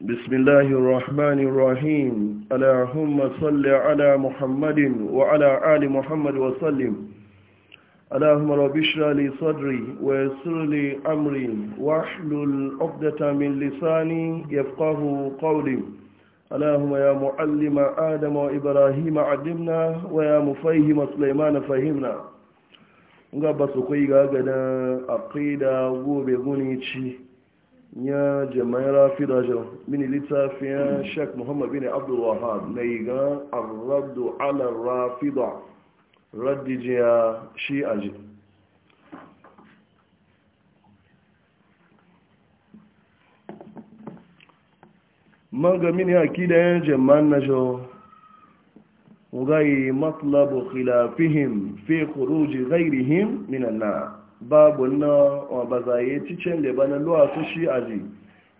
بسم الله الرحمن الرحيم اللهم صل على محمد وعلى آل محمد وسلم اللهم رب اشرح لي صدري ويسر لي امري واحلل عقدة من لساني يفقه قولي اللهم يا معلم ادم وابراهيم علمنا ويا مفهم سليمان فهمنا ngaba su kai aqida ya jama'i rafi da jau mini littafin sheik muhammad bin abdullahab mai iga arraddu ala rafi raddijiya shi aji manga mini akida ya jama'in na jau wugayi matlabu khilafihim fi kuruji gairihim minan na babu na wabazaye cicin da bana luwa su shi aji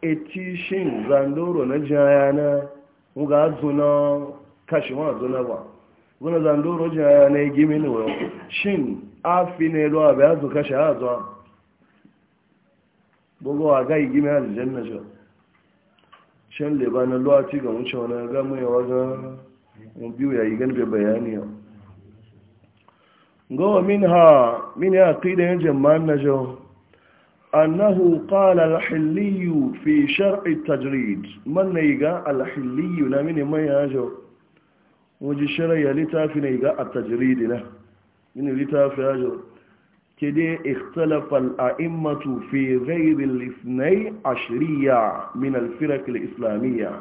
eti shin zandoro na jaya na ga zuna kashi wa zuna ba zuna zandoro jaya na gimi ne wa shin a fi ne luwa bai zu kashi ha zuwa bugu a ga gai gimi aljanna jo shin da bana luwa ci ga wuce wani gamu ya wajen biyu ya yi gan bai bayani yau gawa minha min ya aqidan jama'an najo annahu qala al-hilli fi shar'i at-tajrid man nayga al-hilli na min man yajo waji shar'i litafi nayga at-tajrid na min litafi jo kede ikhtalafa al-a'immatu fi ghayri al-ithnay ashriya min al-firaq al-islamiyya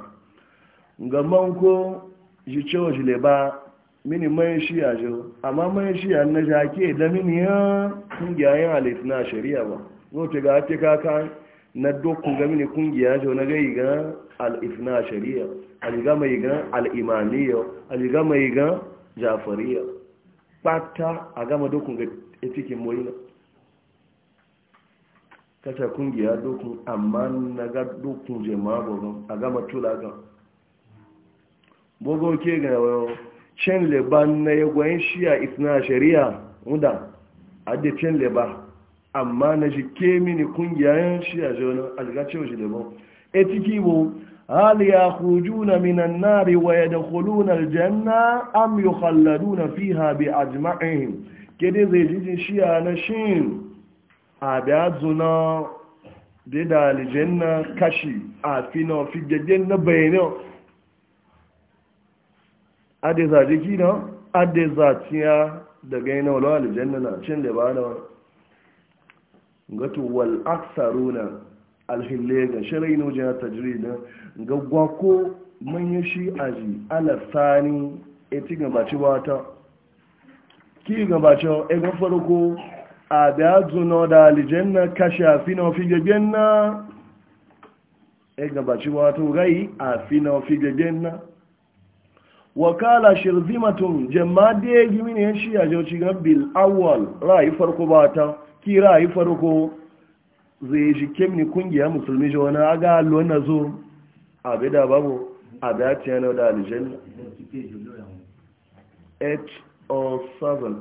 ngamanko jicho jileba mini mayan shiya jo amma mayan shiya na jake da mini ya kungiyayen alifina shari'a ba zote ga ake kaka na dokun ga mini kungiya jo na gai ga alifina shari'a aliga mai ga al'imamiyya aliga mai ga jafariya pata a gama dokun ga etikin moyina kacha kungiya dokun amma na ga dokun jama'a a gama tula ga ke ga yawon cin leba na ya gwayin shiya isna shari'a wadda a da cin leba amma na shi ke mini kungiyayen shiya jona algacin shi leba e ciki bu hal ya na minan nari wa yadkhuluna aljanna am fi ha bi jima'in kede zai ji shiya na shin a biya zuna da da aljanna kashi a fina fi gaggen na bayanin ade za jiki na ade za ciya daga yana walawa aljanna na cin da ba da wani gato wal aksaruna alhille ga shirai na wajen tajiri na ga gwako manyan shi aji ala sani eti gabaci wata ki gabaci e ga farko a da zuno da aljanna kashi a fina fi gagen na e gabaci wata gai a fi na fi na wakala shirzimatun jamade gimi ne shi ya jauci ga bil awal ra'ayi farko ba ta ki ra'ayi farko zai shi kemni kungiya musulmi ji wani aga lona zo abe da babu abe a tiya na da aljanna 807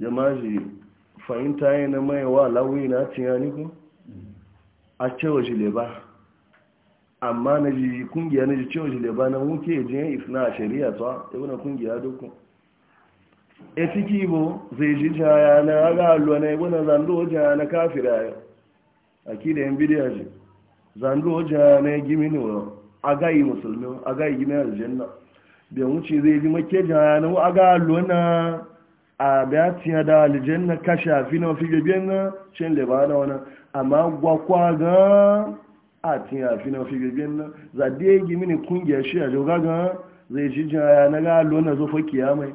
jama'a fahimta yana mai wa lawi na a cewa shi leba amma na ji kungiya na ji cewa shi leba na muke jiyan ifna a shari'a ta e ibina kungiya dukkan e fiki bo zai ji jaya na aga alluwa na e ibina zando jaya na kafira yau a kida yin bidiyar ji zando jaya na gimi ne wa agayi yi musulmi aga yi gimi aljanna da wuce zai ji make jaya na aga alluwa na a da tiya da aljanna kashe a fi na fi gabiyan na cin leba na wani amma gwakwa gan a tiya fi na fi bibin na zade ya gimi ne kungiyar shi a joga gan zai ji jaya na ga lona zofa kiyamai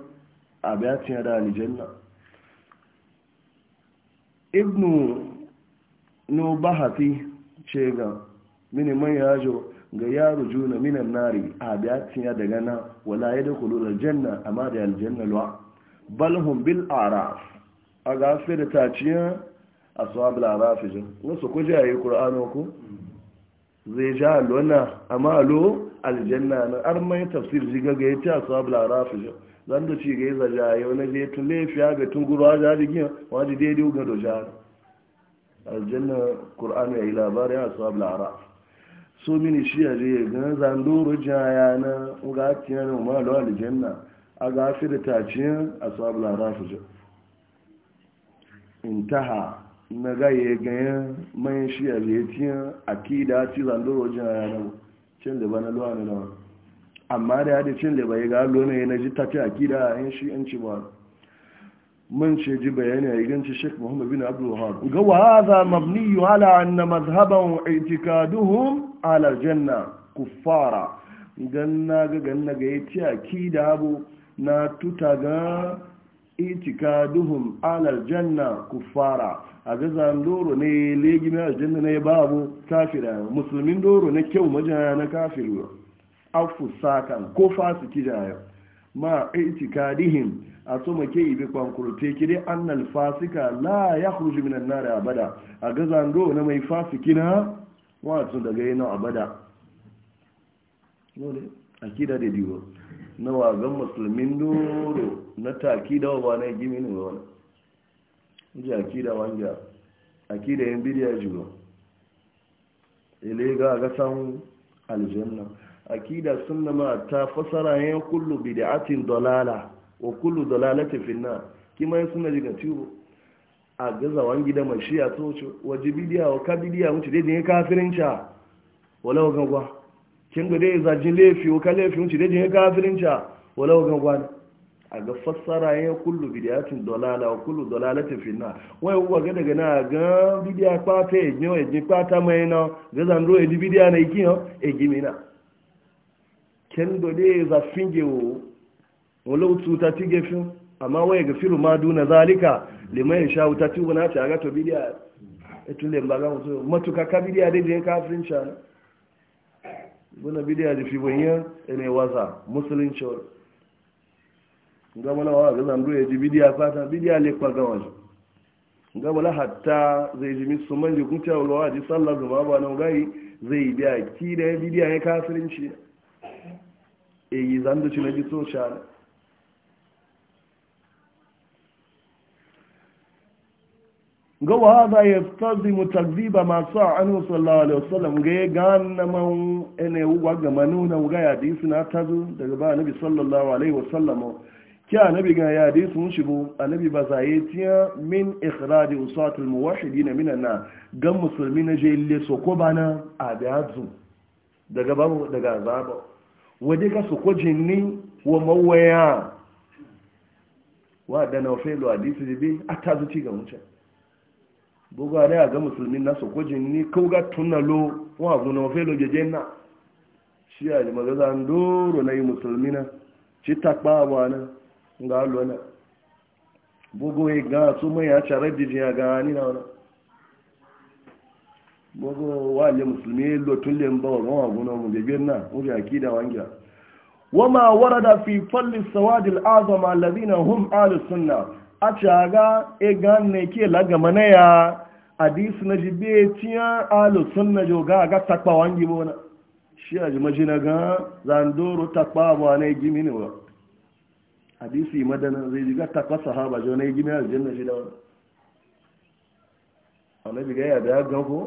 a biya tiya da alijanna ibnu no bahati ce ga mini man yajo ga yaro juna minan nari a biya tiya daga na wala ya da kulular janna amma da aljanna lwa balhun bil araf a fi da taciya A ashabul arafijin musu kuje ayi qur'ano ku zai ja lona amma lo aljanna na ar mai tafsir jiga ga yace ashabul arafijin zan da ci ga yaza ya wani na tun laifiya ga tun a ja digin wani daidai ga doja aljanna ƙur'anu ya yi labarin ashabul araf so mini shi a je ga zan doro jaya na ga tiyana ma lo aljanna a ga firta cin ashabul arafijin intaha na gaye ganyen mayan shi a zaitiyar akida ci zandoro jin a yanar cin da ba na luwa na nawa amma da ya da cin da bai ga lona ya na ji tafi akida a yin shi yanci ba mun ce ji bayani a iganci shek muhammad bin abdulhar ga wa za mabniyu ala anna mazhaban itikaduhum ala janna kuffara ganna ga ganna ga ya ci akida abu na tuta ga itikaduhum alal janna kuffara a gazan doro ne legi na aljanna ne babu kafira musulmin doro ne kyau majana na kafiru afu sakan ko fasiki jaya ma itikadihim a soma ke ibe kwankurte ki dai annal fasika la ya khruju minan nar abada a gazan doro na mai fasiki na wato daga yana abada akida da diwo na wagan musulmin doro na taki da wa na gimi ne wani ji akida wanja akida yin bidiyar jigo ilega ga samun aljanna akida sunna ma ta fasara yin kullu bid'atin dalala wa kullu dalalati finna kima yin sunna jiga tiwo a gaza wangi da mashiya to wajibidiya wa kabidiya mutu dai ne kafirinca wa gagwa kin ga dai zajin laifi o ka laifi wuce dai jin kafirinca walau ga gwani a ga fassara ya kullu bidiyatin dalala wa kullu dalalati finna wai uwa ga daga na ga bidiya kwata e nyo e jin kwata mai na ga zandro e bidiya na iki yo ken do dai za finge o walau amma firu ma duna buna bidiya da fibanyen ne waza musulunci wani gama na wawa ga zandu ya ji bidiya fata bidiya ne kwa gama shi gama hatta zai ji misu man ji kunta wa ji sallar zuma ba nan gai zai biya ki da ya bidiya ya kasirinci e yi zandu ci na ji so shi ga wa hada ya tazi mutakziba masu a anu sallallahu alaihi wasallam ga ya gana man ene wa ga manuna ga ya hadisi na tazu daga ba annabi sallallahu alaihi wasallam ki nabi ga ya hadisi mun shibu annabi ba sai tiya min ikhraj usatul muwahhidin min anna gan musulmi na je le ko bana a biazu daga ba daga azaba waje ka ko jinni wa mawaya wa da na felo hadisi bi a tazu ci ga mutane gbogbo ara ga musulmi na sokojin ni kauga tunalo wa abu na mafi lojeje na shi a ji magaza doro na yi musulmi na ci takpa abuwa na ga alo na gbogbo ya ga su mai ya care diji ga ni na wani gbogbo wa le musulmi ya lo tun mba wa gawa abu na mu bebe na wuri aki da wangiya ma warada fi falli sawadil azama lazina hum alusunna a caga egan ne ke lagama na ya hadisi na ji be tiya alusun na joga ga takpa wangi bona shi a ji majina ga zandoro takpa ba na e gimi ne ba hadisi madana zai ji ga takpa sahaba jo na e gimi aljanna shi da wani annabi ga ya da ga ko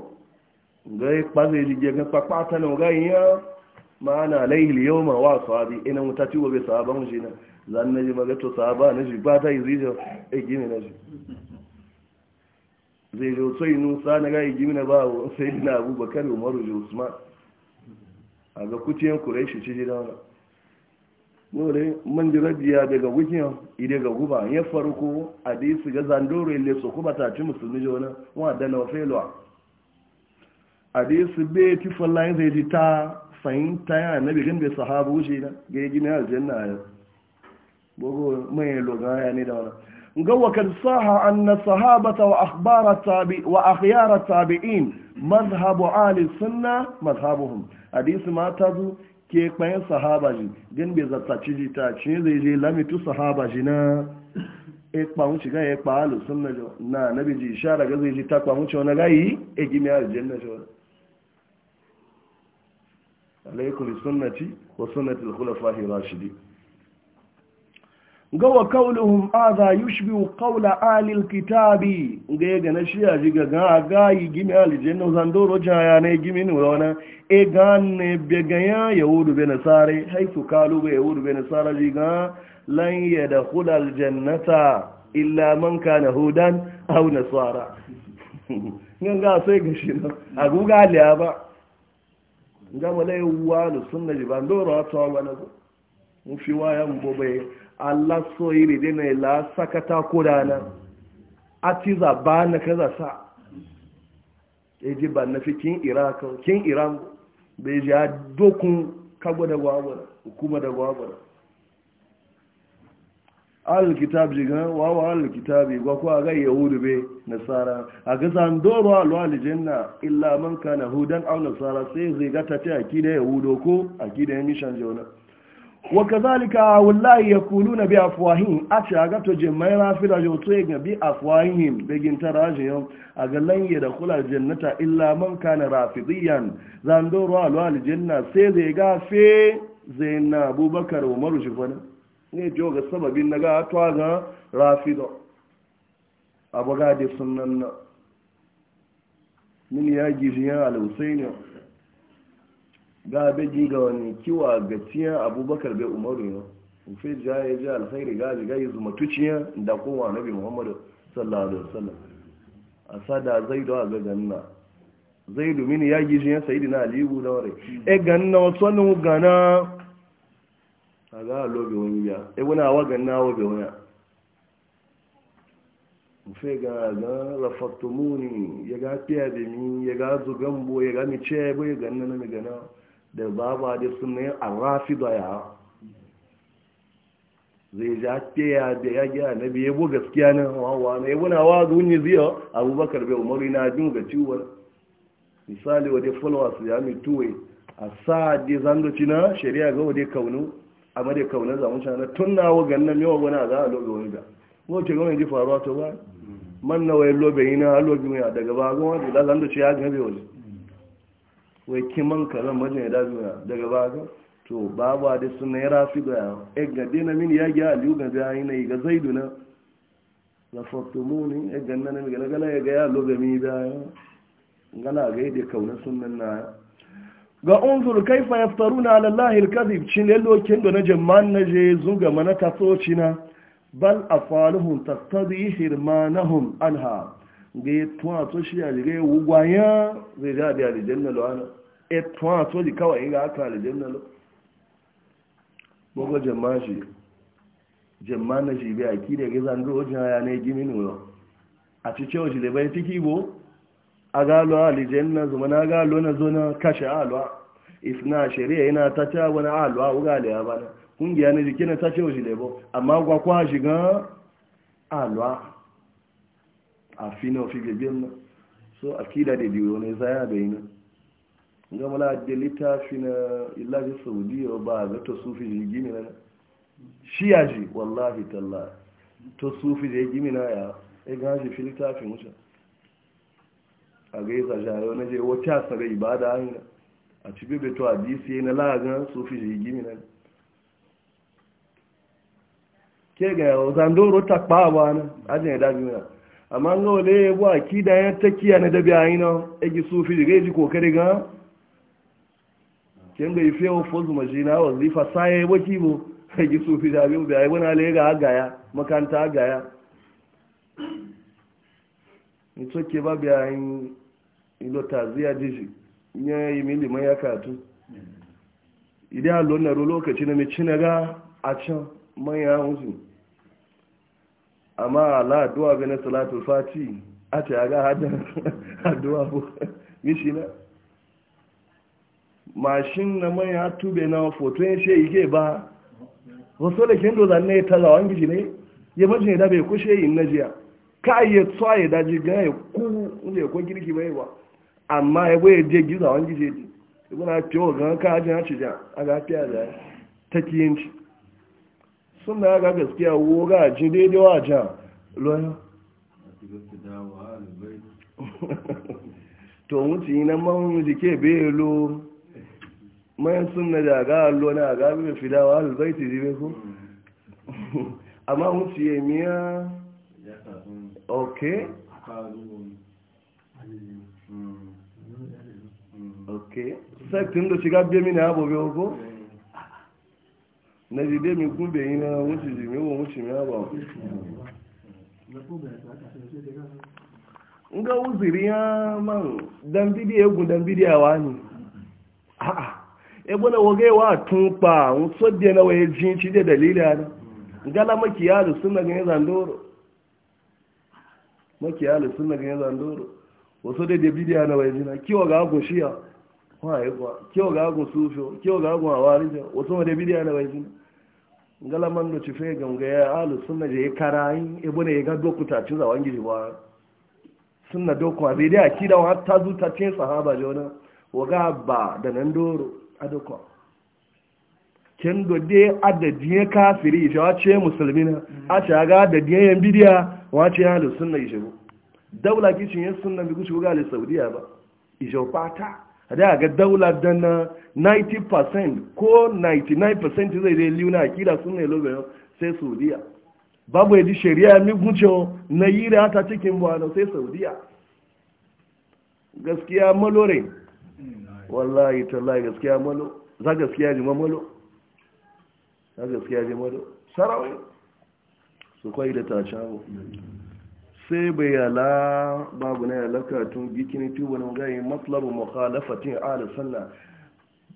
ga ya e zai ji ga kpakpa ta na ga yi ya ma'ana alaihi yawma wa sahabi ina mutati wa bi sahaban shi na zan na ji magato sahaba na shi ba ta yi zijo a eh, gini na ji zai jo sai nusa na gaya gini na ba sai na abubakar umaru ji usman a ga kuciyan kureshi ci ji dauna nore man ji rajiya daga wikiyan ide ga guba ya farko a da su ga zandoro ile su kuma ta ci musulmi jona wa da na felwa a da su be ti fallayin zai ji ta fahimta yana nabi gan bai sahabu shi na ga yi gini aljanna yau bugu mai logaya ne da wannan ga wakar saha anna sahabata wa akhbara tabi wa akhyara tabi'in mazhabu ali sunna mazhabuhum hadisi ma tazu ke kwayan sahaba ji gan bai zata ji ta ci zai je lamitu sahaba ji na e pa kpawun shiga e pa alu sunna jo na nabi ji ishara ga zai ji ta kpawun ci wani gayi e gimi janna jo alaikum sunnati wa sunnati al-khulafa ar-rashidin ga wa kauluhum aza yushbi qawla alil kitabi ga ya gana shi ya jiga ga ga yi gimi aljanna zandoro jaya ne gimi ne wani e ga ne be ga ya yahudu be nasare haifu kalu be yahudu be ji ga lan yadkhula aljannata illa man kana hudan aw nasara ngan ga sai ga shi na guga liya ba ga malai wa sunna jiban doro a wana mu fi waya mu bobe Allah so iri dina ila sakata kodana a ti zaba na kaza sa ji ba na fi kin iraka kin iran bai ji a dokun kagwa da gwagwara hukuma da gwagwara alkitab gan wawa alkitabi gwakwa a aga yahudu bai nasara aga san doro alu na illa ka na hudan aw nasara sai zai gata ta akida yahudu ko akida mishan jona wa kazalika wallahi yaquluna bi afwahihim acha ga to je mai rafida jo to ga bi afwahihim da gintara a ga lan ya dakhula jannata illa man kana rafidiyan zan do janna sai zai ga fe zaina abubakar umaru shifana ne jo ga sababin naga to ga rafida abaga de sunnan min ya gijiya al-husaini ga beji ga wani kiwa ga tiyan abubakar bai umaru yau ufe ja ya ji alkhairi ga ji gayi zuma tuciya da kowa bi muhammadu sallallahu alaihi wasallam a sada do a ga ganna zai mini ya gishi ya sayi na aliyu da wari e ganna wasu wani gana a ga lobe wani ya e wani awa ganna awa bai wani ufe ga ga rafattumuni ya ga fiye da mi ya ga zugambo ya ga mi ce ya ganna na mi gana da ba da suna a rafi da ya zai ja ya da ya gina na biye bu gaskiya na wawa na yi na wa zunyi ziyo abubakar bai umaru na jin ga ciwon misali wadda su ya mai tuwe a sa da zangoci na shari'a ga wadda kaunu a madai kaunar zamun shana tun na wa gannan yawa wani a za a lobe wani ga wace gama ji faruwa ta ba mm. man na wai lobe yi na lobe mai a daga ba gama da zangoci ya gabe wani wai kiman zan majina da zuwa daga baga to babu da suna ya rafi da ya e ga dina min ya ga aliyu ga da ina ga zaidu na la fatumuni e eh, ga nan mi ga gala ya ga ya lobe mi da ya ngala ga ide kauna sunnan na ga unzur kaifa yaftaruna ala allahi alkazib chin lello kin do na jamman na je zuga mana ta so bal afaluhum taqtadi hirmanahum anha ga ya tuwa shi ya ga ya wugwaya zai ja alijen alijanna lo ana e tuwa to li kawai ga aka alijanna lo bogo jama'a shi jama'a na shi bai aki da gizan do wajen ya ne gimi no a ci cewa shi da bai tiki bo a galo alijanna zuma na galo na zo na kashe alwa isna shari'a yana ta ta wani alwa ugale ya bana kungiya na jikin ta ce shi da bo amma gwa kwa shiga alwa a fina fi gaggen na so a akida da biyu ne zaya da na. ga mala da littafi na ilaji saudiya ba ga ta sufi ji gini na shi ya ji wallahi talla ta sufi da gini na ya ya e gaji fi littafin wuce a ga yi zajayo wani je wata sarai ibada hanyar a ci bebe to a dca na lagan sufi ji gini na ke ga yawon zandoro ta kpawa na ajiyar dajiyar amma ga wale ya bu akida ya takiya na dabi ayi na egi sufi da gaji e kokari ga kin ga ife wa fozu majina wa zifa saye waki bo egi sufi da bi bi ayi wani ale ga agaya makanta agaya ni toke ba bi ayi ilo taziya diji nya yi mili mai ya katu idan lonna lokaci na mi cinaga a can manya musu amma ala addu'a bai na salatul fati a ce a ga hadin addu'a bu mishi na mashin na mai ya tube na foto ya ce ike ba wasu da kin dozan ne ta zawon gishi ne ya mace ne da bai kushe yin na jiya ka iya tsawa ya daji gana ya ku ya kwan kirki bai ba amma ya bai je gizawan gishi ne ya gana fiye wa gana ka ajiyar ci jan a ga fiye da ta kiyanci suna ga gaskiya wura ji daidai wa ja loya to wuce yi na mahun jike belo mayan suna da ga allo na ga bai fi dawa albaiti zibe ku amma wuce yi miya ok ok tun da shiga biya mini abubuwa ko? na jide mi gúnbè yí náà wọ́n ti jì mí wọ́n wọ́n ti mí nga uziri ya man dan bidiyo egun dan bidiyo wa ni na wa tun pa won so ci de dalila na gala makiya da sunna zandoro makiya da sunna zandoro wasu da bidiyo na ga goshiya wa ai na galaman da ci fe ganga ya alu sunna je kara yin ibu ne ga doku ta ci zawan gidi ba sunna doku a daidai da wa ta zu ta ce sahaba jona waga ba da nan doro adoko ken do de adadiye kafiri je wa ce na? Mm-hmm. a ce ga adadiye yan bidiya wa ce alu sunna je daula kicin yan sunna bi gushi ci ga al saudiya ba ijo pata da ga daula dana 90% ko 99% zai dai liuna akira sun ne lobe sai saudiya babu yadda shari'a mi gujo na yi da ta cikin buwanu sai saudiya gaskiya malo re wallahi tallahi gaskiya malo za gaskiya ji mamalo za gaskiya ji malo sarawai su kwai da ta shawo sai bai yala babu na yalaka tun gikini tuba na gani matlabu mukhalafatin ala sunna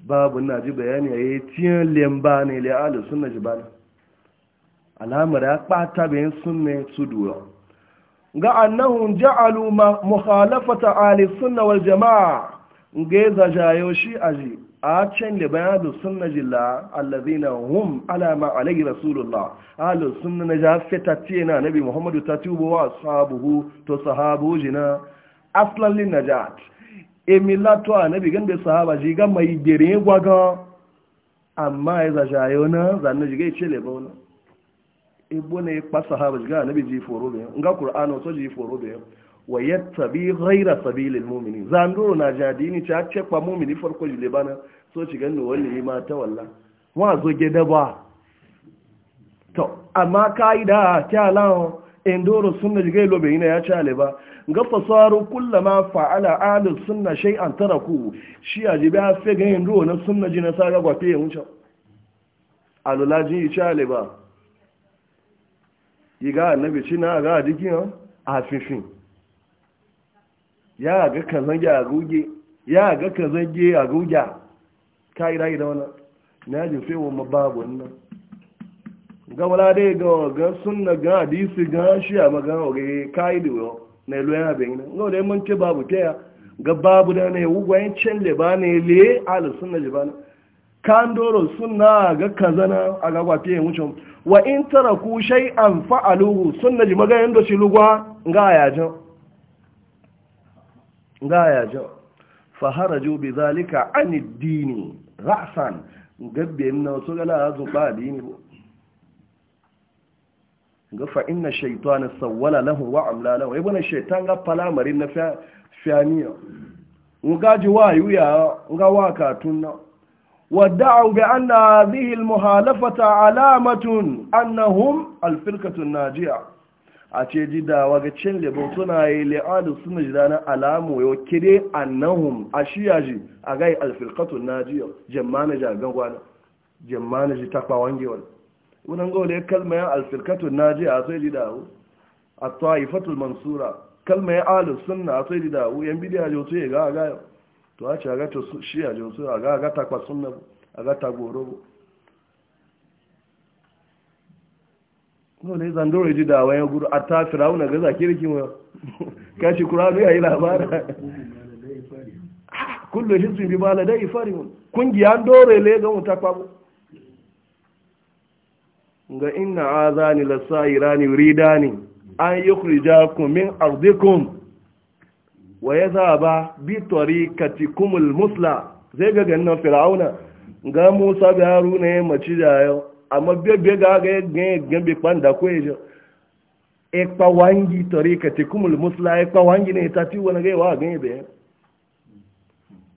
babu na ji bayani ya yi tiyan lemba ne le ala sunna ji bana alamar ya kpata bayan sunna su duwa ga annahun ja'alu mukhalafata ala sunna wal jama'a ga ya zajayo shi aji a can da bayan da sunna jilla allazina hum ala ma alayhi rasulullah ahlus sunna na ja fita ce na nabi muhammadu ta tubo wa sahabuhu to sahabu jina aslan lin najat emila to nabi gambe sahaba ji ga mai gere gwaga amma ya zaja yona zanna ji ga ce le bona ibo ne pa sahaba ji ga nabi ji foro be nga qur'ano to ji foro be wa yattabi ghayra sabilil mu'minin zanduro na jadini ta ce pa mu'mini farko jile bana so ci da wani ma ta walla wa zo gida ba to amma ka'ida ta lawo indoro sunna jiga lobe ina ya chale ba ga fasaru kullama fa'ala ahli sunna tara taraku shi ajibi ha fe ga indoro na sunna na saga gwafe ya mucha alulaji chale ba ga annabi na ga dikin a fifin ya ga kazan ya ruge. ya ga kazan ya ruge. kai rai da wannan na ji fewa ma babu wannan ga wala dai ga ga sunna ga hadisi ga shi a magana ga kai da yo na lo ya bin no dai mun ce babu ya? ga babu da ne ugwayin cin libane le al sunna libane kan doro sunna ga kazana a ga gwafiye wucin wa in taraku shay'an fa'aluhu sunna ji magayin do shi lugwa ga yajo ga yajo fa haraju bi zalika anid dini ra'san gabbe na wasu gala ya zuba dini ga fa shaito na sawwala na huwa amla lahu shaitan ga falamari na fianiya gaji wa wuya ga na wadda a wuga anna na zihil muhalafata alamatun annahum hum firqatu an a ce ji da waga cin da bautu na yi li'adu suna ji na alamu yau kire annahum a shiyaji ji a gai alfilkatun na ji yau jamma na ji a jamma na ji takwa wangewar wunan gawa da kalma ya alfilkatun na ji a sai ji hu a ta'ifatul mansura kalma ya alu suna a sai ji hu yan bidiyar ji wasu ya ga a gaya to a ce a ga ta shiya ji a ga a ga takwa sunna a ga ta goro ne zandoro ji da wayan guru a ta firawuna ga kirki wa kashi kuranu ya yi labara kullum shi sun bi ba da ifari mun kungiya dore le ga mutu kwabu ga inna azani la sa'irani ni. an yukhrijakum min ardikum wa ba bi tariqatikum al musla zai ga ganna fir'auna ga Musa da Haruna ya mace da yau amma bebe ga ga gambe kwanda ko ejo e pa wangi tarika te kumul musla e pa wangi ne tati wona ga wa gen be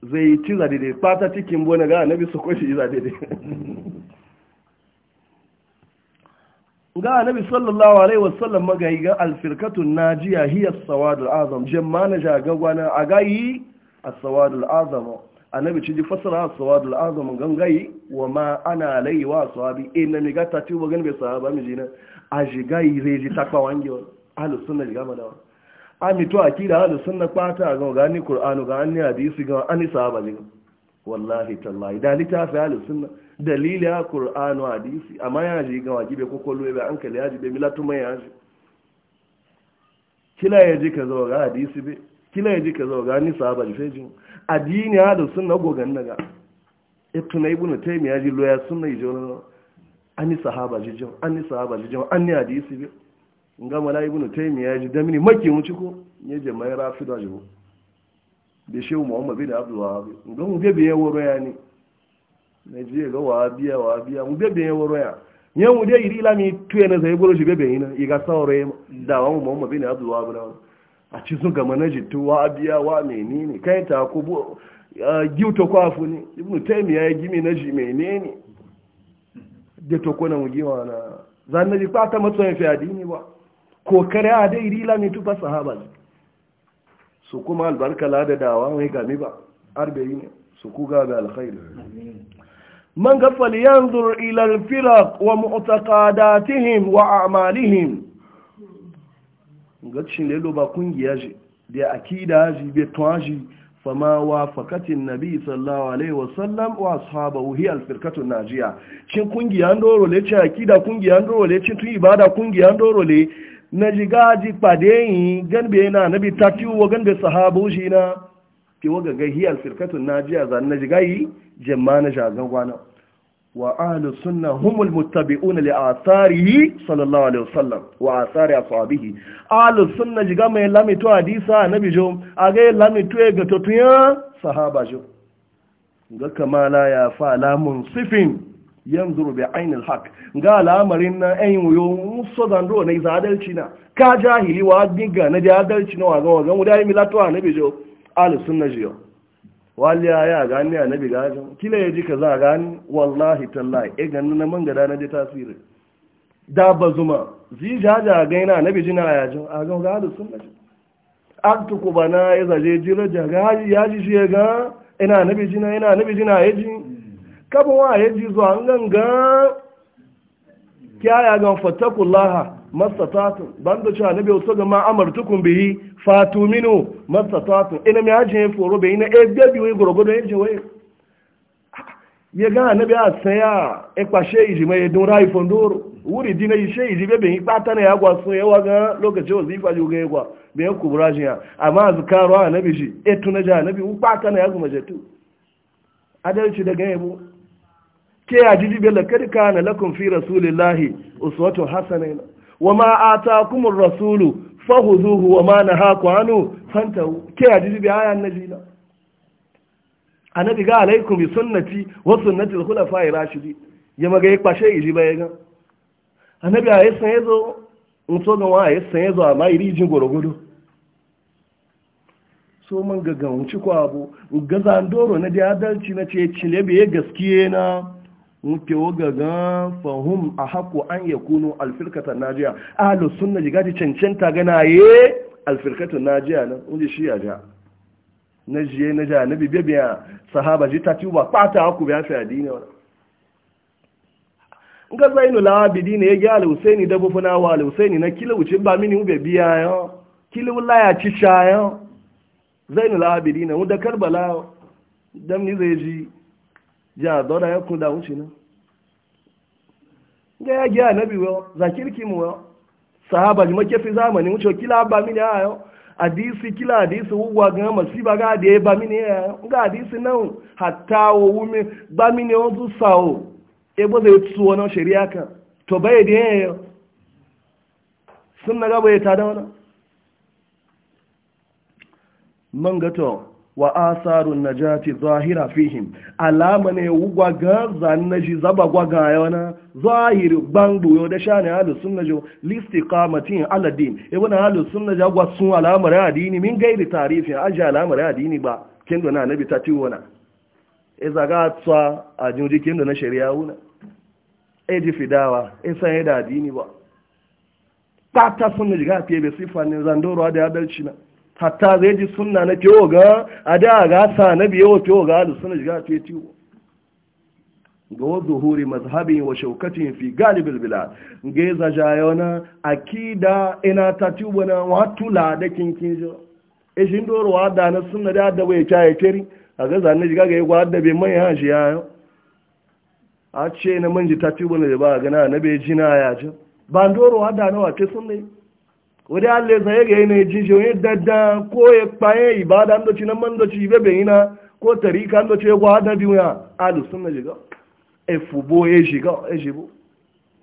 zai ci zade de pata cikin bona ga nabi su ko shi zade dai. ga nabi sallallahu alaihi wasallam magai ga alfirkatu najiya hiya as-sawad al-azam jamma na jaga gwana agayi as-sawad al-azam annabi ci ji fasara sawadul azam gangayi wa ma ana lai wa sahabi in eh, na mi gata ci wagan bai sahaba mi jina a jigayi zai ji takwa wange ahlu sunna jiga madawa ami to akida ahlu sunna kwata ga gani qur'anu ga anni hadisi ga anni sahaba jiga wallahi tallahi da litafi ahlu sunna dalili ya qur'anu hadisi amma ya ji ga wajibe ko kollo be ankali ya ji be milatu mai ya kila ya ji ka zo ga hadisi be kila ya ji ka zo ga anni sahaba ji fejin addini da suna gogan daga na ibnu taymiya ji loya sunna ijo na ani sahaba ji ani sahaba ji jo ani hadisi bi nga mala ibnu taymiya ji damini maki mu ciko ne je mai rafido ji bo shehu bin mu be biye ya je ga wa biya wa biya mu be biye woro ya yan mu iri tuye na shi a ci sun gama na jitu wa abiya wa menene kai ta ku giuto kwafu ne ibn taymiya ya gimi na ji menene da to na mu giwa na zan na ji ba ta matsayin fi adini ba ko kare a dai rila ne tufa sahaba su kuma albarka la da dawa mai gami ba arbayi ne su ku ga ga alkhair man gafal yanzur ila alfiraq wa mu'taqadatihim wa a'malihim gacin lelo ba kungiya ji da akida ji be tuwa ji fama wa fakatin nabi sallallahu alaihi wasallam wa ashabahu hiya alfirkatun najiya cin kungiya ndoro le cin akida kungiya ndoro le cin tun ibada kungiya ndoro le na gaji pade yi ganbe na nabi gan ganbe sahabu shi na ki waga ga hiya alfirkatu najiya zan na gayi jemma na shagan gwana wa ahlus sunna humul muttabi'un li atharihi sallallahu alaihi wasallam wa athari ashabihi ahlus sunna jiga mai lami to hadisa nabi jo age lami to ga totuya sahaba jo ga kamala ya fa lamun sifin yanzuru bi al haq ga al'amarin na ayin wuyo dan zando na izadalci na ka jahili wa diga na jadalci na wa ga wa ga mu milatu nabi jo ahlus sunna jo waliya ya gani a nabi gajin kila ya ji ka za gani wallahi tallahi e ganin na man gada na ji tasiri da ba zuma zi jaja gaina nabi jina ya jin a gan ga sun gaji an tuku bana ya zaje jira jaga ya ji shi ya ga ina nabi jina ina nabi jina ya ji kaba wa ya ji zuwa an ganga kya ya gan fatakullaha mastatatu banda cewa nabi wasu ga ma'amar tukun bihi fatu minu mastatatu ina mi ajiye foro bai na e bebi wai gurgudu ya jiwe ya ga nabi a saya e kwashe iji mai don rai fondoro wuri dina ishe iji bebe yi bata na ya gwa sun yawa ga lokaci wa zifa ji ga gwa bai ya kubura shi ya amma a zukaru a nabi shi etu na ji e a nabi u bata na ya guma jetu adalci daga yabo ke ya jiji bela kada kana lakum fi rasulillahi uswatun hasanah wa ma atakum ar-rasulu fahuzuhu wa ma na haku hannu fanta ke hadisi bi ayan A nabi ga alaikum bi sunnati wa sunnati kula fayi rashidi. ya maga yakpa shay a ba A annabi ya san in so ga wa ayi san a ma iri jin gwargwado so man gaga wuci ko abu gaza doro na da adalci na ce cile be gaskiye na muke wagaga fahim a haku an ya kunu alfirkatar najiya ahalu suna jiga ta cancanta gana ye alfirkatar najiya na wunde shi ya ja na jiye na ja na bibiya biya sahaba ji ta tuba kwata haku biya fi adini wani ga zainu labidi ne ya gya alhusaini da bufuna wa alhusaini na kila wuce ba mini bai biya yau kila wula ya ci sha yau zainu labidi mu da karbala damni zai ji ja dora ya kula wuce na ga ya gya nabi wa za kirki mu wa sahaba ji make fi zamani wuce kila ba mi ne yau hadisi kila hadisi wuwa ga masiba ga de ba mini ya ga hadisi nan hatta wo wumi ba mini on sa o e bo zai tsu wannan shari'a ka to bai da ya sun na ga ye ta da na man gato wa asarun najati zahira fihim alama ne wugwa ga zanaji zaba gwaga ga yana zahiri bangbu yo da shani ahlus sunna jo listi ala din e wana ahlus sunna ja gwa sun alama ra dini min gairi tarifi aja alama ra dini ba kendo na nabi tati wona e zaga tsa a jinji kendo na shari'a wuna e ji fidawa e san e da dini ba ta ta sunna ga fiye be sifa ne zandoro da adalci na hatta zai ji suna na fiyo ga a da ga sa na biyo fiyo ga da suna shiga ce ciwo ga wadda huri mazhabin wa shaukacin fi galibin bila ga yi yau na akida ina ta tiwo na wato lada kinkin jo e shi doro wadda na suna da adaba ya kyaye kiri a ga zane shiga ga yi kwa adaba mai hashi yayo a ce na manji ta tiwo na da ba gana na bai jina ya ce ba doro wadda na wace yi wani allah zai ga yana jin wani dadda ko ya kpaye ibada an doci na man doci ibe ko tarika an doci ya kwa na shiga efubo ya shiga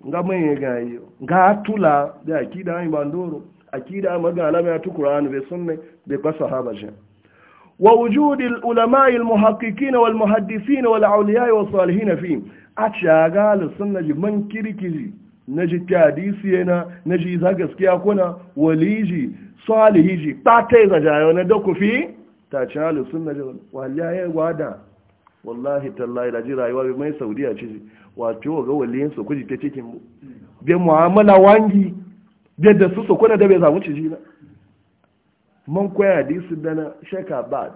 nga mai ga yi ga tula da akida mai bandoro akida ga alama ya tukura ووجود العلماء المحققين والمحدثين والصالحين فيهم أتشاغال السنة من كيري كيري na ji hadisi yana na ji za gaskiya kuna waliji salihiji ta ta za jayo na dakufi ta ci halu sun na ji wallahi ya gwada wallahi tallahi da ji rayuwa bai mai saudiya ci wato ga waliyin su kuji ta cikin mu bai mu'amala wangi bai da su su kuna da bai samu ciji na man koya hadisi da na shaka bad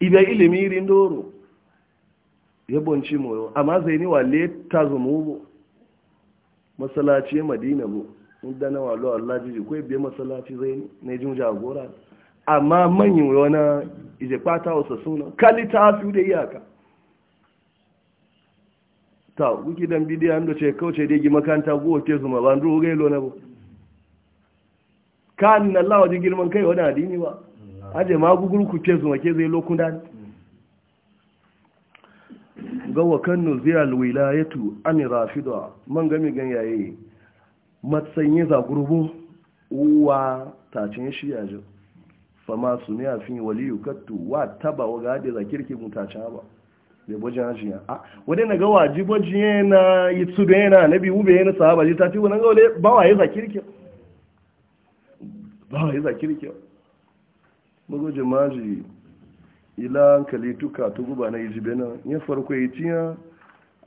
ibe ilimi irin doro ya bonci mu amma zai ni wale ta zumubu masalaci madina bu inda na walo Allah jiji ko biye masalaci zai ne jin jagora amma manyan wani ije kwata wasa suna kali ta fi da iyaka ta wiki dan bidiyan da ce kauce da gi makanta go ke su ma ban ru ga lo na bu kan Allah wajen girman kai wani adini ba mm. aje ma gugul ku ke su ma ke zai lokun dani ga wakan nuziyar tu an rafidwa man gami gan yayi, matsayin zagurubu uwa tacin shi yajin fama su ne a wali yi kattu wa taba wa gade za kirki mu tace ba da bojin ajiya a wadai na ga ji jiye yana yi su da yana nabi ube yana sahaba ji ta tiwo na ga wale ba wa yi za kirki ba wa yi za kirki ma jimaji ila hankali tuka ta guba na ijibe na ya farko yi tiya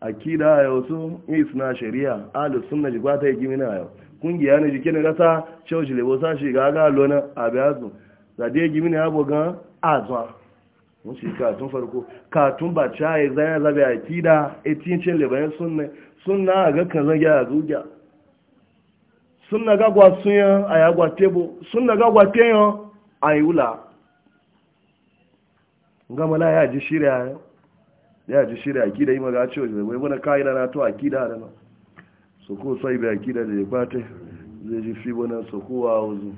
a kila a yau sun yi suna shari'a alu sun na jikwa ta yi gimi na yau kungiya na jike na gasa cewa shi lebo sa shi gaga alo na abu ya zo zade ya gimi na ya bogan azwa mun shi katun farko katun ba ca ya zaya zabe a kila a tiyancin lebayan sunna sunna a ga kan zage a zuga sunna gagwa sun yan a yagwa tebo sunna gagwa teyan a yi wula gama la ya ji shirya ya ji shirya akida yi maga cewa zai wai wani ka'ida na to akida da ba su ko sai bai akida da ya bata zai ji fi wani su ko a wuzi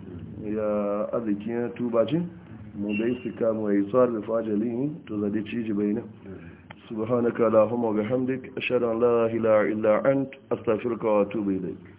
ya arziki na tubacin mu bai su kama ya yi tsar da fajalin to zade ciji bai nan subhanaka allahumma wa bihamdik ashhadu an la ilaha illa ant astaghfiruka wa atubu ilayk